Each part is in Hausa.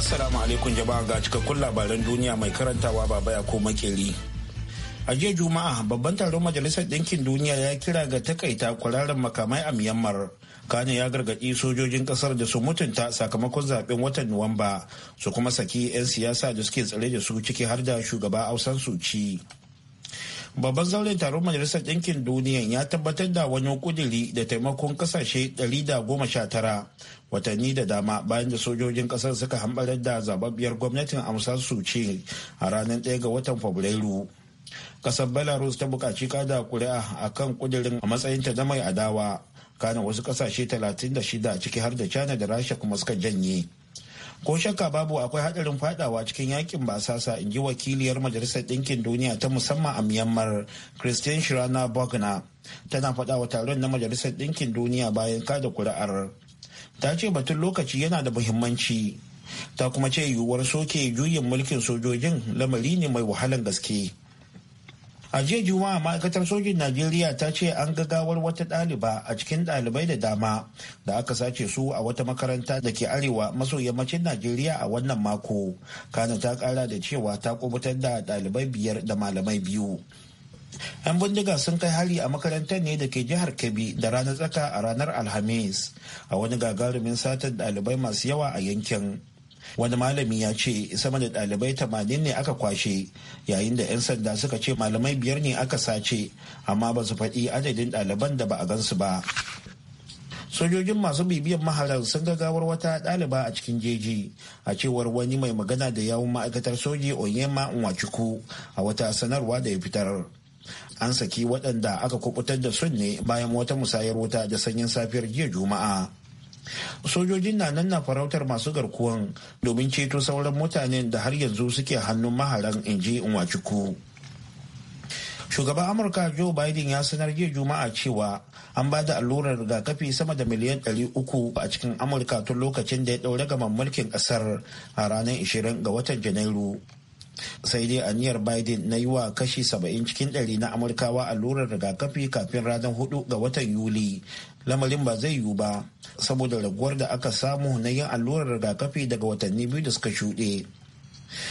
Assalamu alaikum jama'a ga cikakkun labaran duniya mai karantawa baba ya ko makeri. A jiya Juma'a babban taron Majalisar Ɗinkin Duniya ya kira ga takaita kwararren makamai a Myanmar. Kane ya gargaɗi sojojin ƙasar da su mutunta sakamakon zaɓen watan Nuwamba su kuma saki 'yan siyasa da suke tsare da su ciki har da shugaba Ausan Suci. babban zaune taron majalisar ɗinkin duniya ya tabbatar da wani kuduri da taimakon kasashe 119 watanni da dama bayan da sojojin ƙasar suka hambarar da zababbiyar gwamnatin amsa su ce a ranar 1 ga watan fabrairu ƙasar belarus ta bukaci kada kuri'a a kan kudirin a matsayinta na mai adawa kana wasu ƙasashe 36 ciki har da china da rasha kuma suka janye ko shakka babu akwai hadarin fadawa cikin yakin basasa in ji wakiliyar majalisar ɗinkin duniya ta musamman a myanmar christian shirana bogna tana faɗawa taron na majalisar ɗinkin duniya bayan kada kuri'ar ta ce batun lokaci yana da muhimmanci ta kuma ce yiwuwar soke juyin mulkin sojojin lamari ne mai wahalan gaske a jiya juma'a ma'aikatar sojin najeriya ta ce an gagawar wata ɗaliba a cikin ɗalibai da dama da aka sace su a wata makaranta da ke arewa maso yammacin najeriya a wannan mako kana ta ƙara da cewa ta kubutar da ɗalibai biyar da malamai biyu 'yan bindiga sun kai hari a makarantar ne da ke jihar kebbi da ranar tsaka a ranar alhamis a wani gagarumin satar ɗalibai masu yawa a yankin wani malami ya ce sama da dalibai tamanin ne aka kwashe yayin da 'yan sanda suka ce malamai biyar ne aka sace amma ba su faɗi adadin ɗaliban da ba a gansu ba sojojin masu bibiyan maharan sun gagawar wata ɗaliba a cikin jeji a cewar wani mai magana da yawun ma'aikatar soji onyema nwachukwu a wata sanarwa da ya fitar an saki waɗanda aka kubutar da sun ne bayan wata musayar wuta da sanyin safiyar jiya juma'a sojojin na nan na farautar masu garkuwan domin ceto sauran mutanen da har yanzu suke hannun maharan inji nwachukwu shugaban amurka joe biden ya sanar jiya juma'a cewa an ba da allurar rigakafi sama da miliyan 300 a cikin amurka tun lokacin da ya ɗaure gaban mulkin ƙasar a ranar 20 ga watan janairu sai dai a aniyar biden na yi wa kashi 70 cikin 100 na amurkawa allurar rigakafi kafin ranar 4 ga watan yuli lamarin ba zai yiwu ba saboda raguwar da aka samu na yin allurar rigakafi daga watanni biyu da suka shuɗe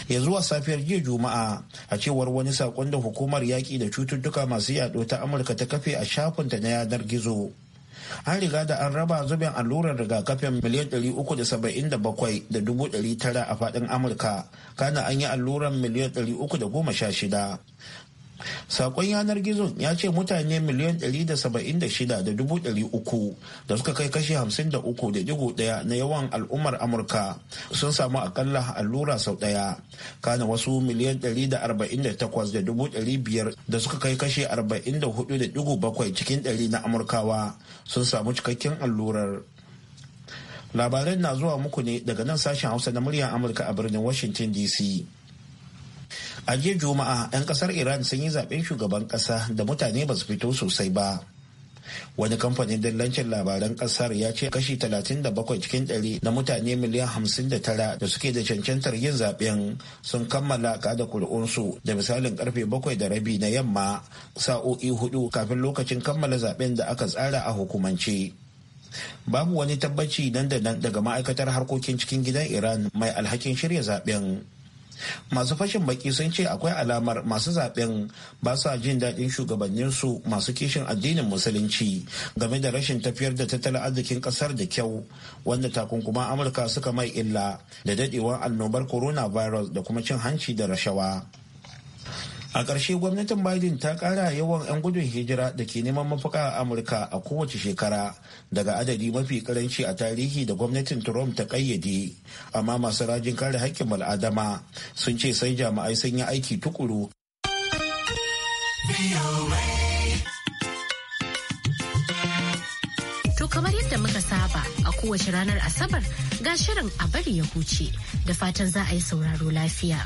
ya zuwa safiyar jiya juma'a a cewar wani sakon da hukumar yaƙi da cututtuka masu yaɗo ta amurka ta kafe a shafinta na yanar gizo an riga da an raba zubin allurar rigakafin miliyan da 377,900 a faɗin amurka kana an yi allurar miliyan 316 sakon yanar gizon ya ce mutane miliyan 176,300 da suka kai kashi 53.1 na yawan al'ummar amurka sun samu akalla allura sau daya kana wasu miliyan 148,500 da suka kai kashi 44.7 cikin 100 na amurkawa sun samu cikakken allurar labaran na zuwa muku ne daga nan sashen hausa na muryar amurka a birnin washington dc a jiya juma'a 'yan kasar iran sun yi zaben shugaban kasa da mutane ba su fito sosai ba wani kamfanin dillancin labaran kasar ya ce kashi 37 cikin 100 na mutane miliyan 59 da suke da cancantar yin zaben sun kammala kada kuri'unsu da misalin karfe 7 da rabi na yamma sa'o'i hudu kafin lokacin kammala zaben da aka tsara a hukumance babu wani tabbaci nan da nan daga ma'aikatar harkokin cikin gidan iran mai alhakin shirya zaben masu fashin baki sun ce akwai alamar masu zaben ba sa jin daɗin shugabanninsu masu kishin addinin musulunci game da rashin tafiyar da tattalin arzikin ƙasar da kyau wanda takunkuman amurka suka mai illa da daɗewar annobar coronavirus da kuma cin hanci da rashawa a ƙarshe gwamnatin biden ta ƙara yawan 'yan gudun hijira da ke neman mafaka a amurka a kowace shekara daga adadi mafi karanci a tarihi da gwamnatin trump ta ƙayyade amma masu rajin kare haƙƙin mal'adama sun ce sai jami'ai sun yi aiki tukuru kamar yadda muka saba a kowace ranar asabar ga shirin a bari ya huce da fatan za a yi sauraro lafiya.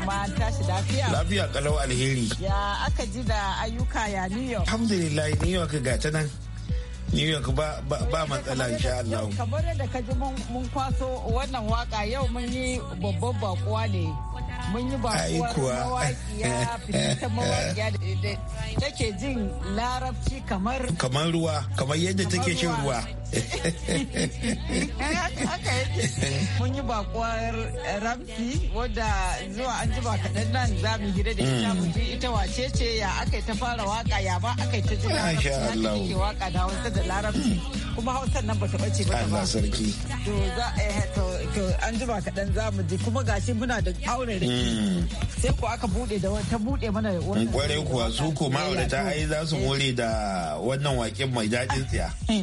ma tashi lafiya. Lafiya kalau alheri. Ya aka ji da ayyuka ya New York. Alhamdulillah New York ga ta nan. New York ba ba, ba matsala insha Allah. Kamar da ka ji mun kwaso wannan waka yau mun yi babban bakuwa ne. Mun yi bakuwa mawaƙiya, fitattun mawaƙiya take jin larabci kamar kamar ruwa kamar yadda take shin ruwa eh, mun yi bakuwar ramfi wadda zuwa an ji kaɗan nan za mu gida da ita mu ji ita wace ce ya aka ta fara waka ya ba aka ta ji larabci ke waka da wata da larabci kuma hausan nan bata bace ba Allah sarki to za eh, to an ji kaɗan za mu ji kuma gashi muna da aure mm. sai ku aka bude da wata bude mana wannan kwarai kuwa cewa su ko ma'aurata ai za su more da wannan waken mai daɗin tsiya.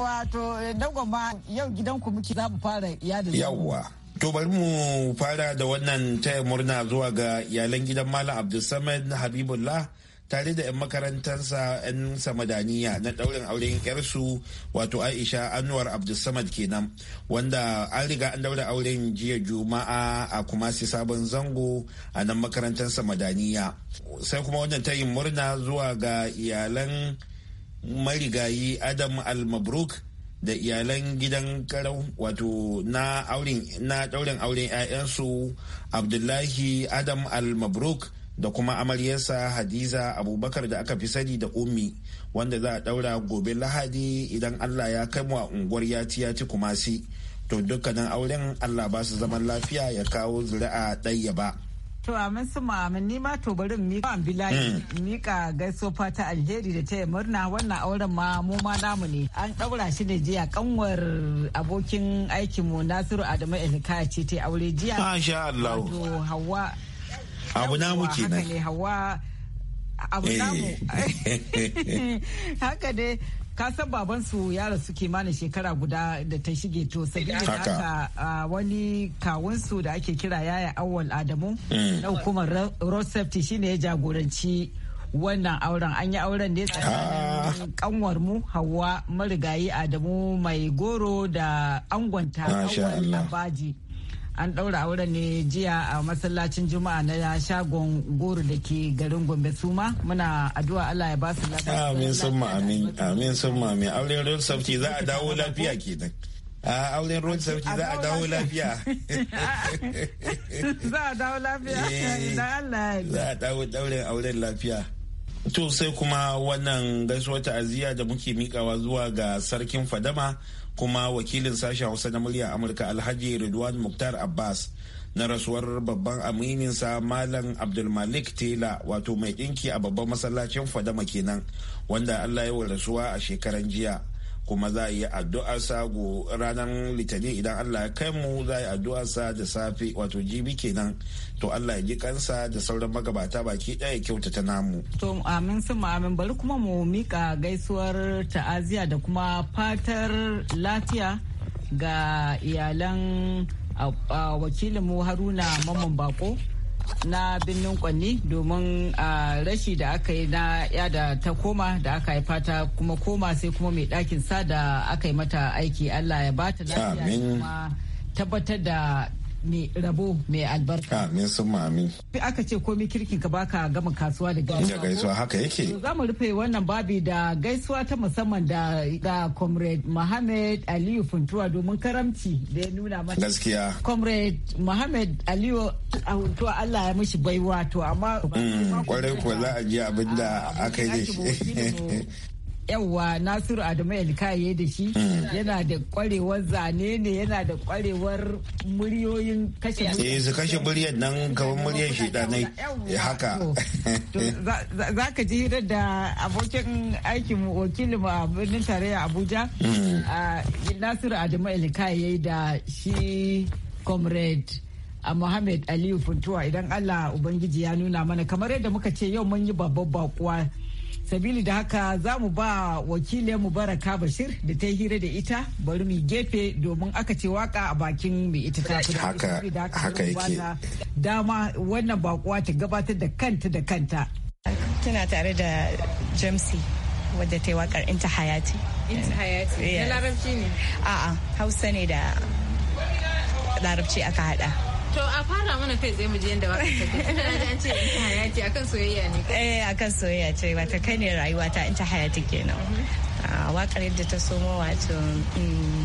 Wato dagwama yau ku muke za mu fara iyalin. Yawwa. To bari mu fara da wannan taya murna zuwa ga iyalan gidan Malam Abdul Abdulsamad Habibullah tare da 'yan makarantarsa 'yan samadaniya na daurin auren yarsu wato aisha anwar abdulsamad kenan wanda an riga an daura auren jiya juma'a a kuma kumasi sabon zango a nan makarantar samadaniya sai kuma wannan yi murna zuwa ga iyalan marigayi adam al-mabruk da iyalan gidan karau wato na ɗaurin na daurin auren 'ya'yansu abdullahi adam al-mabruk da kuma amaryarsa hadiza abubakar da aka fi sani da ummi wanda za a daura gobe lahadi idan allah ya kai mu a unguwar yati yati kumasi to dukkanin auren allah ba su zaman lafiya ya kawo zuri'a ɗaya ba To a su ma'amin ni ma to bari mi ka bilayi ka hmm. gaiso ta alheri da yi murna wannan auren ma mu ma namu ne an daura shi ne jiya kanwar abokin aikinmu Nasiru Adamu Elkaya ce ta aure jiya. Masha Allah. Wato hawa abu namu kenan hawa abu namu haka eh. dai kasan baban su yara su kimanin shekara guda da ta shige to da haka wani kawun su da ake kira yaya awal adamu mm. na hukumar road safety shine ya jagoranci wannan auren an yi auren ne tsakanin ah. kanwar mu hawa marigayi adamu mai goro da angonta kanwar abaji an ɗaura auren ne jiya a masallacin juma'a na shagon goro da ke garin gombe suma muna addu'a allah ya ba su lafiya amin summa amin amin summa amin auren road safety za a dawo lafiya kenan auren road safety za a dawo lafiya za a dawo lafiya eh, Allah za a dawo dauren auren lafiya to sai kuma wannan gaisuwar ta'aziyya da muke mikawa zuwa ga sarkin fadama kuma wakilin sashen hausa na murya amurka alhaji ridwan mukhtar abbas na rasuwar babban amininsa malam abdulmalik tela wato mai dinki a babban masallacin fadama kenan wanda allah ya rasuwa a shekaran jiya kuma za a yi addu'ar go ranar litinin idan allah ya kai mu za a yi addu'ar da safe wato jibi kenan to allah ya ji kansa da sauran magabata baki ɗaya kyautata namu to amin sun amin bari kuma mu mika gaisuwar ta'aziya da kuma fatar lafiya ga iyalan wakilinmu haruna mamman bako na birnin kwanni domin rashi da aka yi na ya da ta koma da aka haifa ta kuma koma sai kuma mai ɗakin sa da aka yi mata aiki allah ya bata lafiya tabbatar da mai rabo mai albarka. Ah, amin sun amin. Aka ce komi kirkin ka baka gama kasuwa da gaisuwa. Da gaisuwa haka yake. Za mu rufe wannan babi da gaisuwa ta musamman da ga Comrade Mohammed Aliyu Funtuwa domin karamci da ya nuna mana. Gaskiya. Comrade Mohammed Aliyu a ah, hutuwa Allah ya mishi baiwa to amma. Mm, kwarai kuwa za a ji abin da ah, aka yi da shi. yawwa nasiru adamu ya da shi mm. yana da kwarewar zane ne yana da kwarewar muryoyin kashe eh su kashe muryoyin nan kamar muryoyin shidanai haka za ka ji hira da abokin aikin wakilin a birnin tarayya abuja mm. nasiru adamu ya da shi comrade a Muhammad Aliyu Funtuwa idan Allah Ubangiji ya nuna mana kamar yadda muka ce yau mun yi babbar bakuwa sabili da haka za mu ba wakilin mubaraka bashir da ta hira da ita bari mu gefe domin aka ce waka a bakin mai ita ta fi haka yake dama wannan bakuwa ta gabatar da kanta da kanta tana tare da jamsi wadda ta yi wakar inta hayati inta hayati na larabci ne a'a hausa ne da larabci aka hada To a fara mana kai zai mu je yanda waka take. ce ta hayati akan soyayya ne. Eh akan soyayya ce wata kai ne rayuwa ta ta hayati kenan. Mm-hmm. Ah, Wakar yadda ta somo wato mm,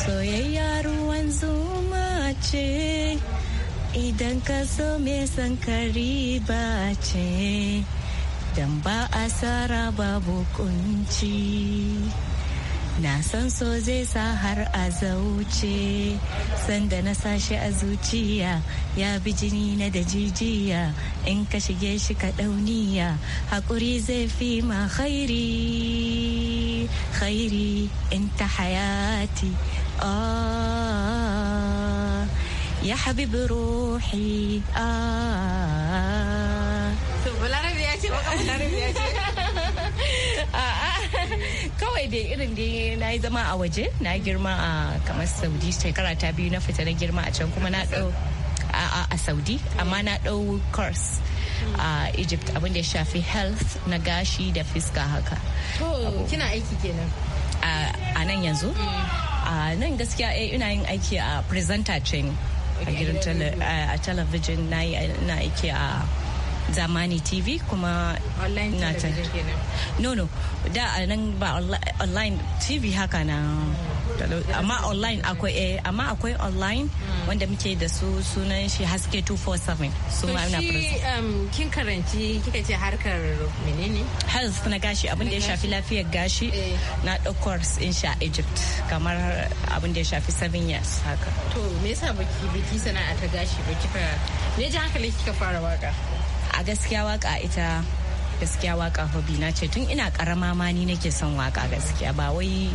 soyayya ruwan zuma ce idan ka so me san kariba ce dan ba asara babu kunci. na san so zai sa har a zauce sanda na sashi a zuciya ya bi jini na da jijiya in ka shige shi ka dauniya hakuri zai fi ma khairi khairi in ta hayati ah, ya habib ruhi ah ya ce baka ce kawai dai irin da na yi zama a waje na girma a kamar saudi shekara ta biyu na fita na girma a can kuma na ɗau a saudi amma na ɗau course a egypt abinda ya shafi health na gashi da fiska haka kina aiki kenan a nan yanzu mm. a nan gaskiya eh, ina yin aiki a presenter training a eh, a television na aiki a zamani tv kuma online na no no da nan ba online tv haka na amma online akwai eh amma akwai online hmm. wanda muke da su sunan shi haske 247 su ma na um, kin karanci kika ce harkar menene health na gashi abin da ya shafi lafiyar gashi eh. na course in sha Egypt kamar abin da ya shafi 7 years haka to me yasa baki biki sana'a ta gashi ba kika ne ji hankali kika fara waka a gaskiya waka ita gaskiya waka hobi na ce tun ina karama ma ni nake son waka gaskiya ba wai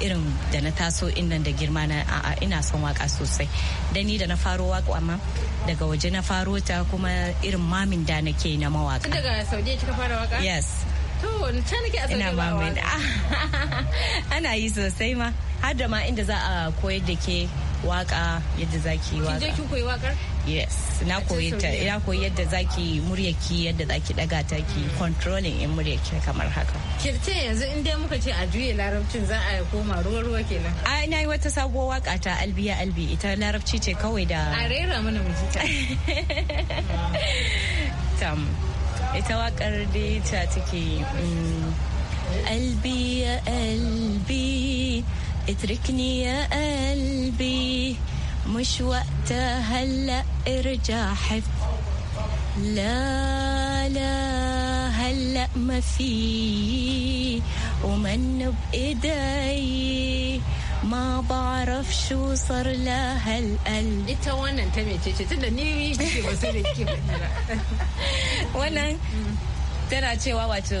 irin da na taso inda da girma na a'a ina son waka sosai da ni da na faro waka amma daga waje na faro ta kuma irin mamin da nake na mawaka daga saudi kika fara waka yes to can nake a ina mamin ana yi sosai ma har da ma inda za a koyar da ke waka yadda zaki waka. Kin je koyi wakar? Yes, na koyi ta, ina koyi yadda zaki ki yadda zaki daga ta ki mm. controlling in ki kamar haka. Kirce yanzu in dai muka ce a juye larabcin za a koma ruwa ruwa kenan. Ai na yi wata sabuwar waka ta Albiya Albi ita larabci ce kawai da A rera mana mu ta. Tam. Ita wakar dai ta take Albiya mm, Albi اتركني يا قلبي مش وقتها هلا ارجع حب لا لا هلا ما في ومن بايدي ما بعرف شو صار لها القلب وانا wannan ta mece ce tunda وانا tana cewa wato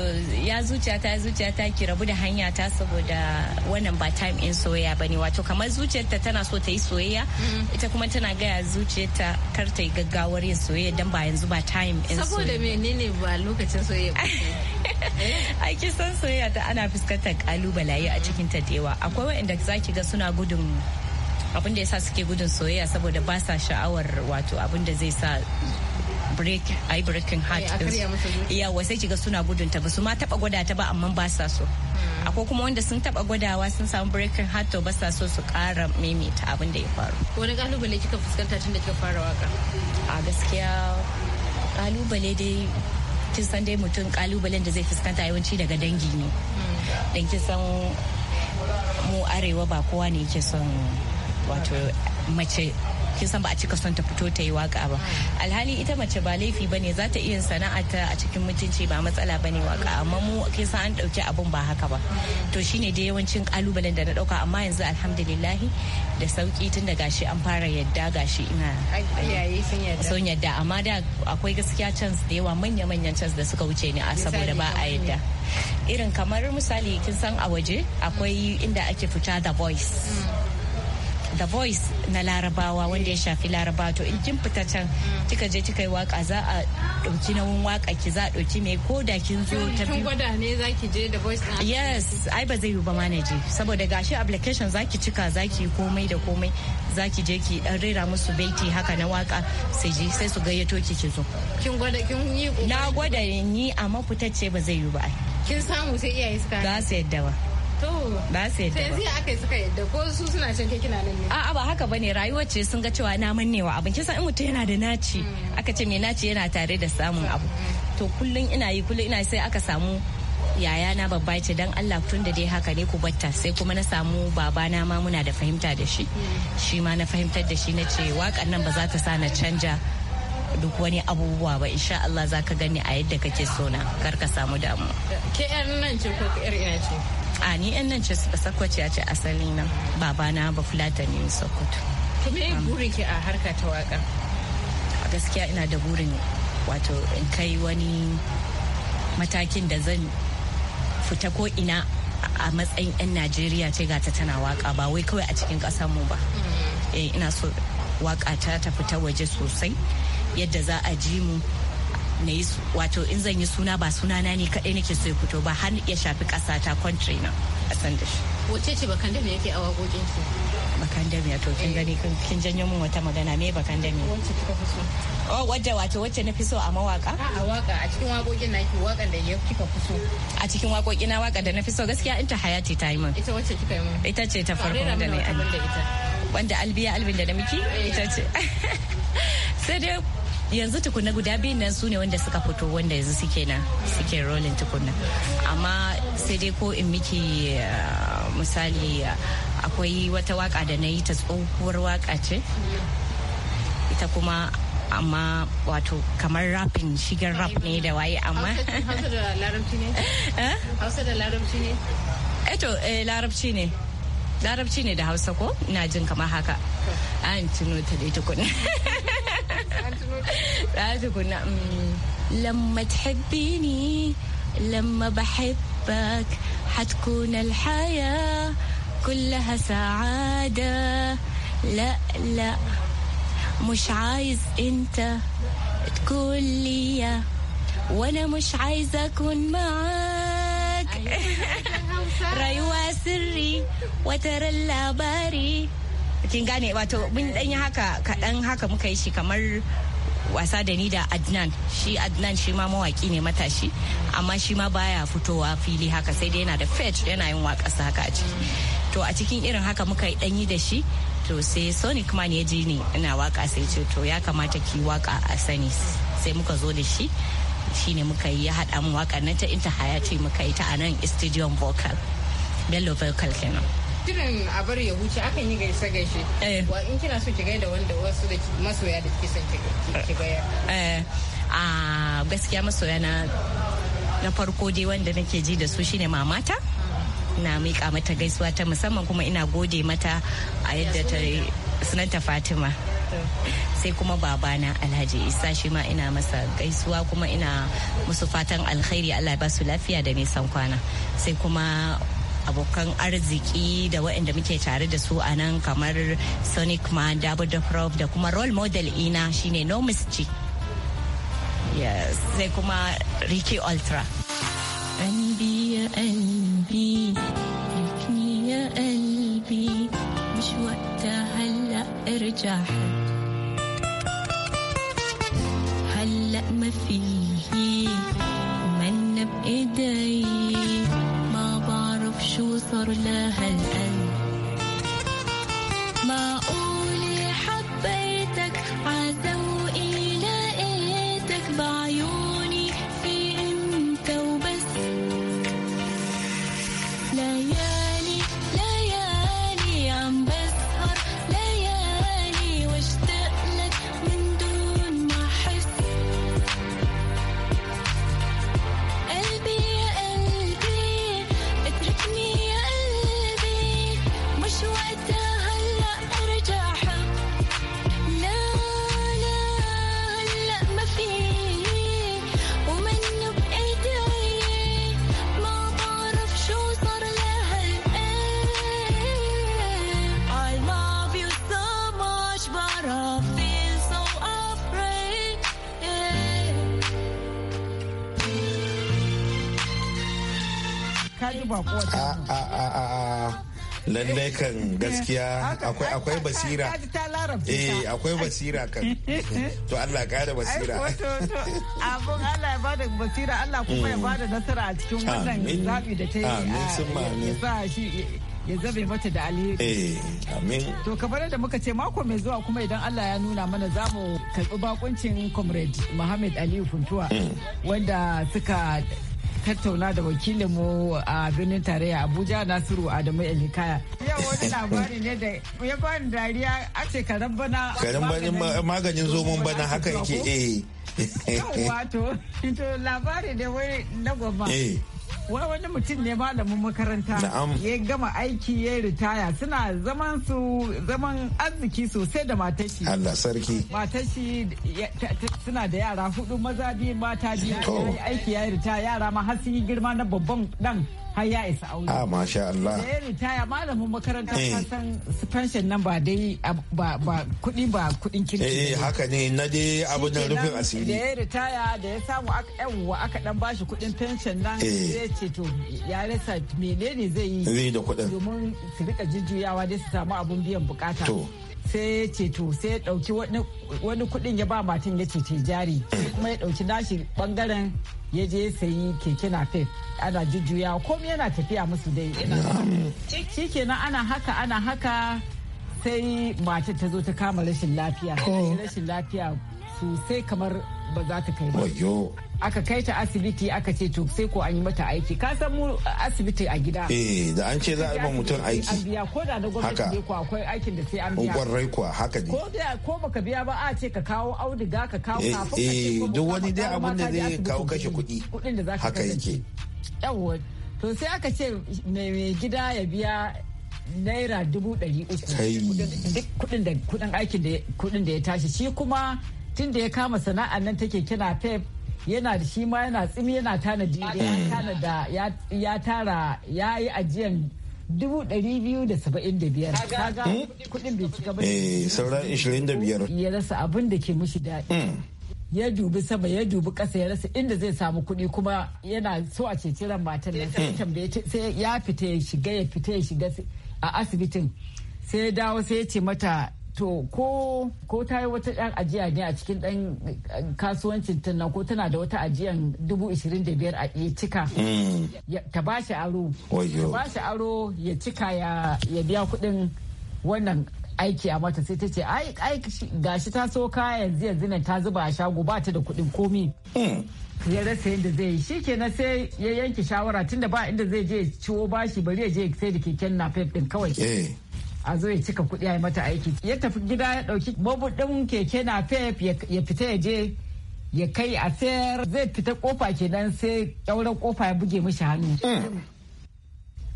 ya zuciyata ya zuciyata ki rabu da hanya ta saboda wannan ba time in soyayya ba ne wato kamar zuciyarta tana so ta yi soyayya mm-hmm. ita kuma tana gaya zuciyarta kar ta yi gaggawar yin soyayya dan ba yanzu ba time in soyayya saboda menene ba lokacin soyayya ai kin san soyayya ta ana fuskantar kalubalaye a cikin ta dewa akwai wanda zaki ga suna gudun abin da yasa suke gudun soyayya saboda ba sa sha'awar wato abin da zai sa break ai breaking heart eh, yawa sai kiga suna gudun ta ba su ma taba gwada ta ba amma ba sa so hmm. akwai kuma wanda sun taba gwadawa sun samu breaking heart to ba sa so su kara maimaita abin da ya faru wani kalubale kika fuskanta tun da kika fara waka a gaskiya kalubale dai kin san dai mutum kalubalen da zai fuskanta yawanci daga dangi ne hmm. dan kin san mu arewa ba kowa ne yake son wato mace kin san ba a cika son ta fito ta yi waka ba alhali ita mace ba laifi bane za ta iya ta a cikin mutunci ba matsala ba ne waka amma mu kin san an dauki abun ba haka ba to shine da yawancin kalubalen da na dauka amma yanzu alhamdulillah da sauki tun da gashi an fara yadda gashi ina sun yadda amma da akwai gaskiya chance da yawa manya-manyan chance da suka wuce ne a saboda ba a yadda irin kamar misali kin san a waje akwai inda ake fita da voice the voice na larabawa wanda ya shafi larabawa to in kin fita can kika je kika yi waka za a dauki nauyin waka ki za a dauki mai ko da kin zo ta biyu gwada ne za ki je da voice na yes ai ba zai yi ba ma je saboda gashi application za ki cika za ki komai da komai za ki je ki dan rera musu baiti haka na waka sai je sai su gayyato ki ki zo kin gwada kin yi na gwada ni amma fitacce ba zai yi ba kin samu sai iyaye suka ga su yadda ba ba su yadda. aka yi suka yadda ko su suna can ke kina nan ne. A'a ba haka bane rayuwar ce sun ga cewa na mannewa abin kisa in mutum yana da naci mm. aka ce me naci yana tare da samun abu. Mm. To kullum ina yi kullum ina sai aka samu yaya na babba ce dan Allah tun da dai haka ne ku batta sai kuma na samu baba na ma muna da fahimta da shi mm. shi ma na fahimtar da shi na ce wakan nan ba za ta sa na canja duk wani abubuwa ba insha Allah za ka gani a yadda kake so na kar ka samu damu. Ke nan ce ko ƴar ina ce? a ni yan nan ce ba sakwace ce asali nan babana ba fulata ne sokoto to me um, burin ki a harka ta waka a gaskiya ina da burin wato in kai wani matakin da zan fita ko ina a matsayin 'yan najeriya ce gata tana waka ba wai kawai a cikin mu ba mm. eh, ina so waka ta ta fita waje sosai yadda za a ji mu na yi wato in zan yi suna ba suna na ne kaɗai nake so ya fito ba har ya shafi ƙasa ta country na a san da shi. Wace ce bakan da me yake a wakokin ki? Bakan da to kin gani kin janyo min wata magana me bakan da me? Wacce kika fi so? Oh wadda wato wacce na fi so a mawaka? A waka a cikin wakokin na ki wakan da kika fi so. A cikin wakokin na waka da na fi so gaskiya in ta hayati ta yi min. Ita wacce kika yi min? Ita ce ta farko da na Wanda albiya albin da na miki? Eh. Ita ce. Sai dai yanzu tukuna guda biyun nan su ne wanda suka fito wanda yanzu suke na suke rolin tukuna amma sai dai ko in miki ah, misali akwai wata waka da na yi ta tsohuwar waka ce ita kuma amma wato kamar rapin shigar rap ne da waye amma hausa da larabci ne hausa da larabci ne eto eh? eh eh, larabci ne larabci ne da hausa ko ina jin kamar haka an tuno ta dai tukuna لا تقول نعم لما تحبيني لما بحبك حتكون الحياة كلها سعادة لا لا مش عايز انت تكون ليا وانا مش عايزة اكون معاك أيوة. ريوة سري وترى باري kin gane wato mun dan yi haka kaɗan haka muka yi shi kamar wasa da ni da adnan shi adnan shi ma mawaki ne matashi amma shi ma baya fitowa fili haka sai dai yana da fetch yana yin waƙarsa haka a ciki to a cikin irin haka muka yi yi da shi to sai sonic man ya ji ni ina waka sai ce to ya kamata ki waka a sani sai muka zo da shi shine muka yi ya haɗa mu waka nan ta inta haya ce muka yi ta a nan studio vocal bello vocal kenan shirin a bar ya huce akan yi gaisa gaishe eh. wa in kina so ki da wanda wasu da masoya da kike son ki bayar eh, a gaskiya masoya na farko dai wanda nake ji da su shine mamata na miƙa mata gaisuwa ta musamman kuma ina gode mata a yadda ta sunanta fatima sai kuma babana alhaji isa shi ma ina masa gaisuwa kuma ina musu fatan alkhairi allah ba su lafiya da nisan kwana sai kuma abokan arziki da waɗanda muke tare da su a nan kamar sonic man da prof da kuma role model ina shine no ci yes sai kuma ricky ultra هلا صارنا هل أنت ba ko ah, ah, ah, lallai kan gaskiya akwai akwai basira eh akwai basira kan to Allah ya kara basira abun Allah ya bada basira Allah kuma ya bada nasara a cikin wannan zabi da ta yi ya sa shi ya zabe mata da alheri. Eh, amin. To kamar da muka ce mako mai zuwa kuma idan Allah ya nuna mana za mu karbi bakuncin comrade Muhammad Aliyu Funtuwa mm. wanda suka tattauna da wakilinmu a birnin tarayya Abuja Nasiru Adamu Elikaya. Yau wani labari ne da ya bani dariya a ce karen bana. Karen bana maganin zomon bana haka yake eh. Wato, labari ne wai na goma. wai wani mutum ne malamin makaranta ya gama aiki ya ritaya suna zaman su zaman arziki sosai da matashi Allah sarki matashi suna da yara hudu maza biyu mata biyu aiki ya ritaya yara ma har sun yi girma na babban dan har ya isa aure. A ah, masha Allah. Da ya ritaya malamin makaranta eh. kasan pension nan ba dai ba kuɗi ba kuɗin kirki. Eh, eh haka ne na dai abin da rufin asiri. Da ya ritaya da ya samu aka wa aka dan bashi kuɗin pension nan eh. ya ce to ya rasa menene zai yi. Zai da kuɗin. Domin su rika jujjuyawa dai su samu abun biyan bukata. To. sai ya ceto sai ya dauki wani kudin ya ba matan ya ce ta jari sai kuma ya dauki nashi bangaren ya je sai sayi keke fef ana jujjuya komai yana tafiya musu dai ina shi kenan ana haka ana haka sai mata ta zo ta kama rashin lafiya oh. rashin lafiya sosai kamar ba za ta kai ba. Aka kai ta asibiti aka ce to sai ko an yi mata aiki. Ka san mu asibiti a gida. Eh da an ce za a yi ma mutum aiki. An biya ko da na gwamnati ne ko akwai aikin da sai an biya. Oh, rai kuwa haka ne. Ko da baka biya ba a ce ka kawo auduga ka kawo eh, kafin. ko eh, duk wani dai abun da zai kawo kashe kuɗi. Kuɗin da za ka Haka yake. Yawwa. To sai aka ce mai gida ya biya naira dubu ɗari uku kudin aikin da da ya tashi shi kuma tun da ya kama sana'an nan take kina pep yana da shi ma yana tsimi yana tanadi eh. ya tara ya yi ajiyan dubu ɗari biyu da saba'in da biyar kaga eh. bai cika ba eh, ishirin da biyar ya rasa abin da ke mushi daɗi hmm. ya dubi sama ya dubi ƙasa ya rasa inda zai samu kuɗi kuma yana so a ce ciran matan nan sai hmm. tambaye sai ya fita ya shiga ya fita ya shiga a asibitin sai ya dawo sai ya ce mata to ko ko ta yi wata yan ajiya ne a cikin ɗan eh, kasuwancin ta ko tana da wata ajiyan dubu ishirin da biyar a iya cika hmm. ta ba shi aro ta ba shi aro ya cika ya biya kuɗin wannan aiki a mata sai ta ce ai gashi ta so ka yanzu yanzu nan ta zuba a shago ba ta da kuɗin komi hmm. ya rasa yadda zai yi shi shikenan sai ya yanke shawara tunda ba inda zai je ciwo bashi bari ya je sai da keken napep din kawai eh. a zo ya cika kuɗi a mata aiki ya tafi gida ya ɗauki mabuɗin keke na fef ya fita ya je ya kai a sayar zai fita kofa kenan sai ƙyauren kofa ya buge mishi hannu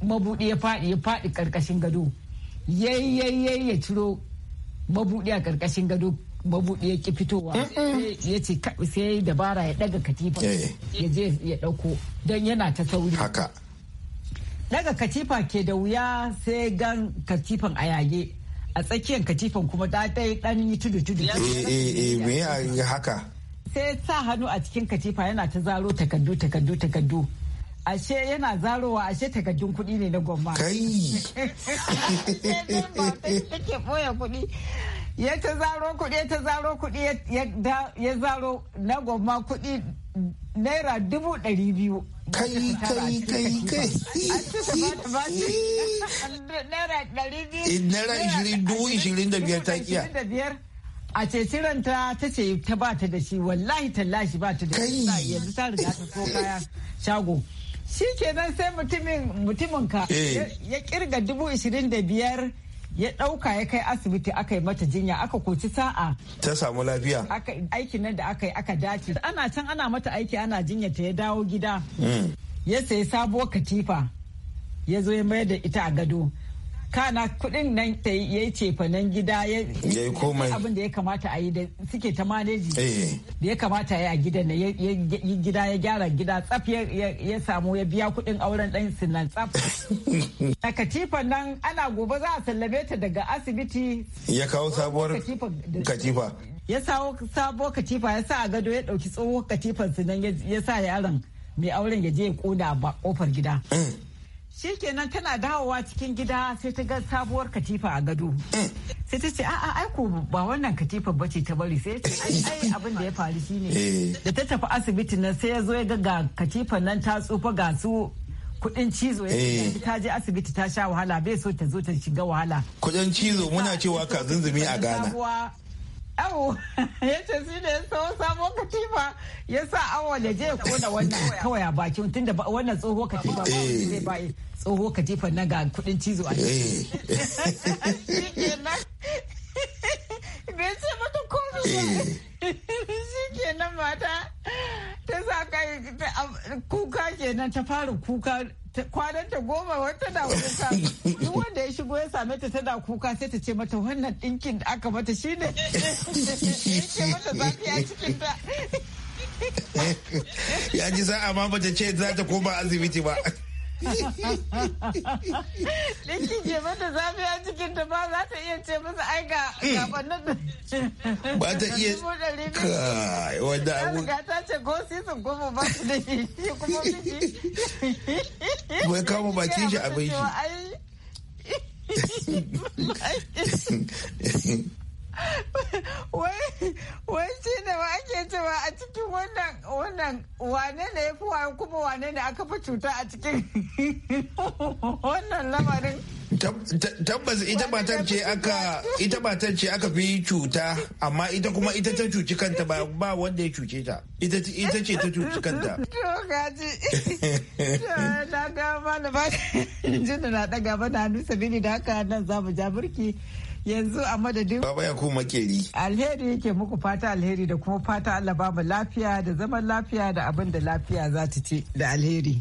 mabuɗi ya faɗi ya faɗi ƙarƙashin gado yayi ya ciro mabuɗi a ƙarƙashin gado mabuɗi ya ki fitowa ya ce sai dabara ya ɗaga katifa eh. ya je ya ɗauko don yana ta sauri haka daga katifa ke da wuya sai gan katifan a yage a tsakiyar katifan kuma da dai dan yi tudu tudu eh, eh, eh me a haka sai sa hannu a cikin katifa yana ta zaro takaddu takaddu takaddu ashe yana zarowa ashe takaddun kuɗi ne na gwamma kai take boye kuɗi ya ta zaro kuɗi ya ta zaro kuɗi ya zaro na gwamma kuɗi naira dubu ɗari biyu kai kai kai kai eh. naira ishirin eh, dubu ishirin da biyar ta kiya a ceciran ta ta ce ta ba ta da shi wallahi tallashi ba ta da shi yanzu ta riga ta so kaya shago shi kenan sai mutumin ka eh. ya kirga dubu ishirin da biyar ya ɗauka ya kai asibiti aka yi mata jinya aka koci sa'a ta samu lafiya aiki nan da aka yi aka dace ana can ana mata aiki ana jinya ta ya dawo gida mm. ya sayi sabuwar katifa ya zo ya mayar da ita a gado kana kudin nan ta yi cefanen gida ya yi komai abin da ya kamata a yi da suke ta maneji eh. da ya kamata ya yi a gidan na ya gida ya gyara gida tsaf ya samu ya biya kudin auren dan sinan tsaf a katifan nan ana gobe za a sallame ta daga asibiti ya kawo sabuwar katifa ya sawo sabuwar katifa ya sa a gado ya dauki tsohuwar katifan sinan ya sa yaron mai auren ya je ya kona a kofar gida eh. shikenan tana dawowa cikin gida sai ta ga sabuwar katifa a gado eh. sai ta ce a'a ai ko ba wannan katifa bace ta bari sai ta ai abin da ya faru shine eh. da ta tafi asibiti nan sai ya zo ya ga katifa nan ta tsufa ga su kudin cizo ya eh. ta je asibiti ta sha wahala bai so ta zo ta shiga wahala kudin cizo muna cewa ka zunzumi a Ghana yau ya ce shi ne sabon sabon katifa Yasa sa awa da je kona wannan kawai a bakin tun da wannan tsoho katifa ba eh. zai ba tsoho katifa na ga kudin cizo a bai ce mata shi mata ta sa kai kuka ta fara kuka kwanan ta goma wata da kuka duk wanda ya shigo ya same ta tana kuka sai ta ce mata wannan dinkin da aka mata shine ne ce mata zafi a cikin ta ya ji sa'a ma bata ce za ta koma asibiti ba Liki je mata zafiya cikin ta ba za ta iya ce masa ai ga gabanin da ba ta iya kai wanda abu ga ta ce ko sisin goma ba su da shi kuma miki wai kama bakin shi abin shi wai shi ne ba ake cewa a cikin wannan wannan wane ne ya fi kuma wane ne aka fi cuta a cikin wannan lamarin tabbas ita matar ce aka ita matar ce aka fi cuta amma ita kuma ita ta cuci kanta ba ba wanda ya cuce ta ita ita ce ta cuci kanta to gaji na ga malama jinda na daga bana nusa bini da haka nan za mu ja burki yanzu a madadin baba ya kuma makeri alheri yake muku fata alheri da kuma fata Allah ba mu lafiya da zaman lafiya da abin da lafiya za ta ce da alheri.